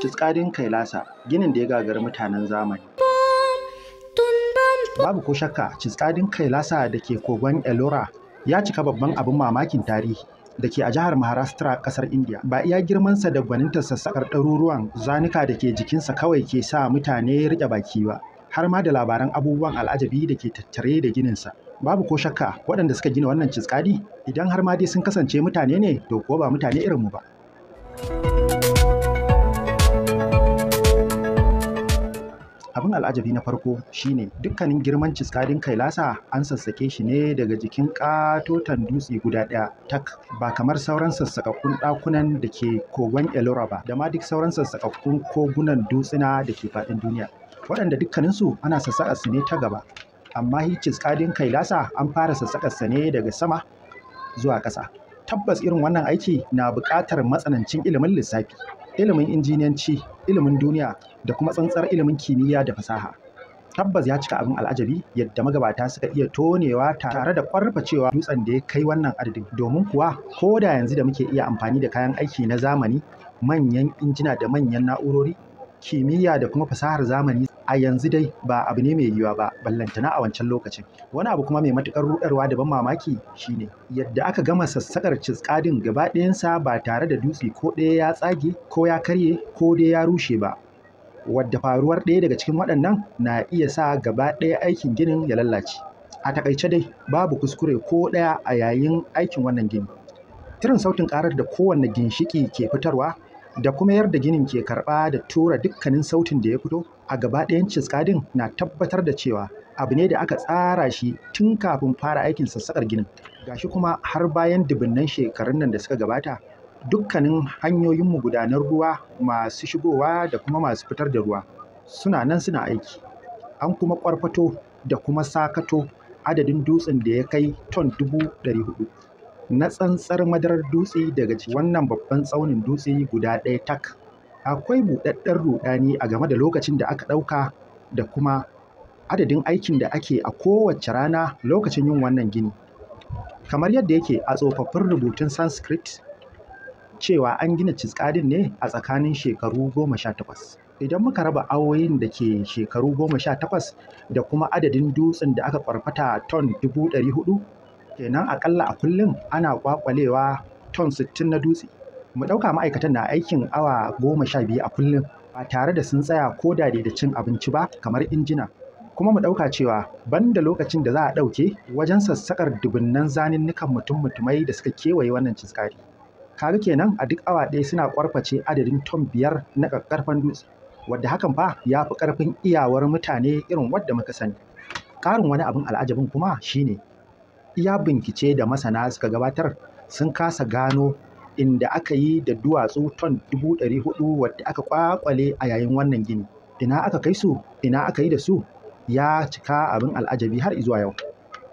Kitsarin Kailasa ginin da ya gagari mutanen zamani. Babu ko shakka Kitsarin Kailasa da ke kogon Elora ya cika babban abin mamakin tarihi da ke a jihar Maharashtra kasar India. Ba iya girmansa da gwaninta sassakar ɗaruruwan zanuka da ke jikinsa kawai ke sa mutane riƙe baki ba, har ma da labaran abubuwan al'ajabi da ke tattare da gininsa. babu ko shakka waɗanda suka gina wannan ciskadi idan har ma dai sun kasance mutane ne to kuwa ba mutane irin mu ba. abin al'ajabi na farko shine dukkanin girman ciskadin kailasa an sassake shi ne daga jikin katotan dutse guda ɗaya tak ba kamar sauran sassakakkun ɗakunan da ke kogon elora ba da ma duk sauran sassakakkun kogunan dutsina da ke faɗin duniya waɗanda dukkaninsu ana sassaka su ne ta gaba amma hi ciskadin kailasa an fara sassaƙa sa ne daga sama zuwa ƙasa tabbas irin wannan aiki na buƙatar matsanancin ilimin lissafi ilimin injiniyanci, ilimin duniya da kuma tsantsar ilimin kimiyya da fasaha. Tabbas ya cika abin al'ajabi yadda magabata suka iya tonewa tare da cewa dutsen da ya kai wannan adadin domin kuwa ko da yanzu da muke iya amfani da kayan aiki na zamani manyan injina da manyan na'urori kimiyya da kuma fasahar zamani a yanzu dai ba abu ne mai yiwuwa ba ballantana a wancan lokacin wani abu kuma mai matukar rudarwa da ban mamaki shine yadda aka gama sassakar ciskadin gaba ɗayansa ba tare da dutse ko ɗaya ya tsage ko ya karye ko dai ya rushe ba wadda faruwar ɗaya daga cikin waɗannan na iya sa gaba ɗaya aikin ginin ya lallace a takaice dai babu kuskure ko ɗaya a yayin aikin wannan gini tirin sautin karar da kowanne ginshiki ke fitarwa da kuma yarda ginin ke karɓa da tura dukkanin sautin da ya fito a gaba ɗayan ciskadin na tabbatar da cewa abu ne da aka tsara shi tun kafin fara aikin sassaƙar ginin Ga shi kuma har bayan dubunnan shekarun nan da suka gabata dukkanin hanyoyin mu gudanar ruwa masu shigowa da kuma masu fitar da ruwa suna nan suna aiki an kuma kwarfato da kuma sakato adadin dutsen da ya kai ton dubu ɗari hudu na tsantsar madarar dutse daga cikin wannan babban tsaunin dutse guda ɗaya tak akwai buɗaɗɗen ruɗani a game da lokacin da aka ɗauka da kuma adadin aikin da ake a kowace rana lokacin yin wannan gini kamar yadda yake a tsofaffin rubutun sanskrit cewa an gina ciskadin ne a tsakanin shekaru goma sha takwas idan muka raba awoyin da ke shekaru goma sha takwas da kuma adadin dutsen da aka kwarfata ton dubu ɗari hudu kenan akalla a kullum ana kwakwalewa ton sittin na dutse mu ɗauka ma'aikatan na aikin awa goma sha biyu a kullum ba tare da sun tsaya ko da da cin abinci ba kamar injina kuma mu ɗauka cewa ban da lokacin da za a ɗauke wajen sassaƙar dubunnan zaninnukan mutum mutumai da suka kewaye wannan ciskari kaga kenan a duk awa ɗaya suna ƙwarface adadin ton biyar na ƙaƙƙarfan dutse wadda hakan fa ya fi ƙarfin iyawar mutane irin wadda muka sani ƙarin wani abin al'ajabin kuma shine iya bincike da masana suka gabatar sun kasa gano inda aka yi da duwatsu ton dubu 400 wadda aka ƙwaƙwale a yayin wannan gini. Ina aka kai su, ina aka yi da su, ya cika abin al'ajabi har izuwa yau.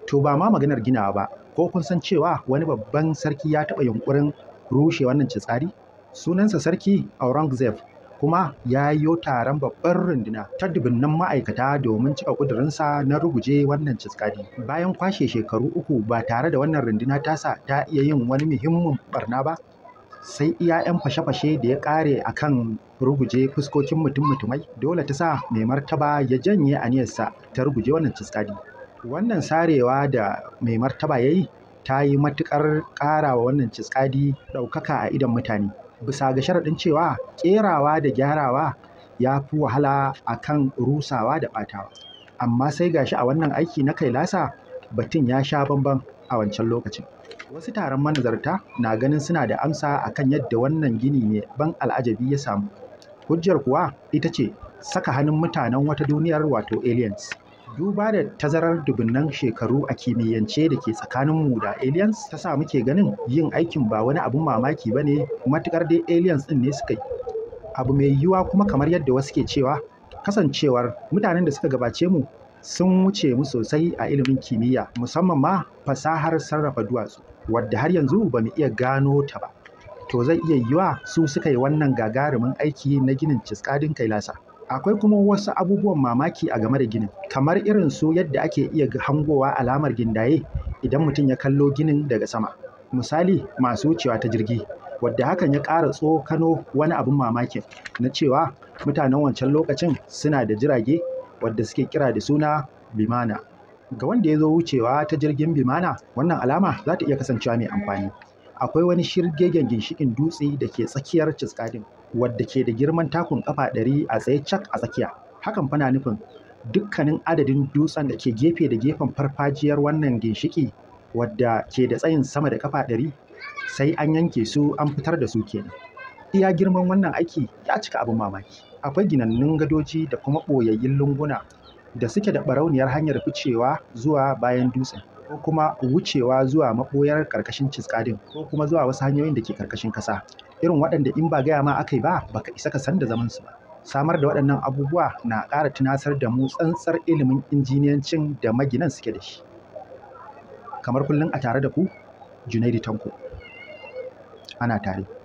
To ba ma maganar ginawa ba, ko kun san cewa wani babban sarki ya taɓa yunƙurin rushe wannan tsari? Sunansa sarki Aurangzeb kuma ya yiwo taron babbar runduna ta dubunnan ma'aikata domin cika ƙudurinsa na ruguje wannan ciskadi. Bayan kwashe shekaru uku ba tare da wannan runduna sa ta iya yin wani muhimmin barna ba, sai iya 'yan fashe-fashe da ya ƙare a kan ruguje fuskokin mutum-mutumai dole ta sa mai martaba ya janye aniyarsa ta ruguje wannan ciskadi. Wannan sarewa da mai martaba ya yi ta yi matuƙar ƙara wa wannan ciskadi ɗaukaka a idon mutane. bisa ga sharaɗin cewa ƙerawa da gyarawa ya fi wahala a kan rusawa da ɓatawa amma sai gashi a wannan aiki na kailasa batun ya sha bamban a wancan lokacin wasu taron manazarta na ganin suna da amsa akan yadda wannan gini ne ban al'ajabi ya samu hujjar kuwa ita ce saka hannun mutanen wata duniyar wato aliens duba da tazarar dubunnan shekaru a kimiyyance da ke tsakaninmu da aliens ta sa muke ganin yin aikin ba wani abun mamaki ba ne matuƙar dai aliens ɗin ne suka yi abu mai yiwuwa kuma kamar yadda wasu ke cewa kasancewar mutanen da suka gabace mu sun wuce mu sosai a ilimin kimiyya musamman ma fasahar sarrafa duwatsu wadda har yanzu ba mu iya gano ta ba to zai iya yiwa su suka yi wannan gagarumin aiki na ginin ciskadin kailasa Akwai kuma wasu abubuwan mamaki a game da ginin, kamar irin su yadda ake iya hangowa alamar gindaye idan mutum ya kallo ginin daga sama, misali masu wucewa ta jirgi, wadda hakan ya ƙara tsokano wani abin mamakin na cewa mutanen wancan lokacin suna da jirage wadda suke kira da suna bimana. Ga wanda ya zo wucewa ta jirgin bimana, wannan alama za ta iya kasancewa mai amfani. Akwai wani shirgegen ginshiƙin dutse da ke tsakiyar ciskadin wadda ke da girman takun kafa ɗari a tsaye cak a tsakiya hakan fana nufin dukkanin adadin dutsen da ke gefe da gefen farfajiyar wannan ginshiki wadda ke da tsayin sama da kafa ɗari sai an yanke su an fitar da su kenan iya girman wannan aiki ya cika abin mamaki akwai ginannun gadoji da kuma ɓoyayyun lunguna da suke da barauniyar hanyar ficewa zuwa bayan dutsen ko kuma wucewa zuwa maɓoyar ƙarƙashin ciskadin ko kuma zuwa wasu hanyoyin da ke ƙarƙashin ƙasa irin waɗanda in ba gaya ma aka yi ba baka isa ka san da zaman su ba samar da waɗannan abubuwa na ƙara tunasar da mu tsantsar ilimin injiniyancin da maginan suke da shi kamar kullum a tare da ku Junaidi Tanko ana tare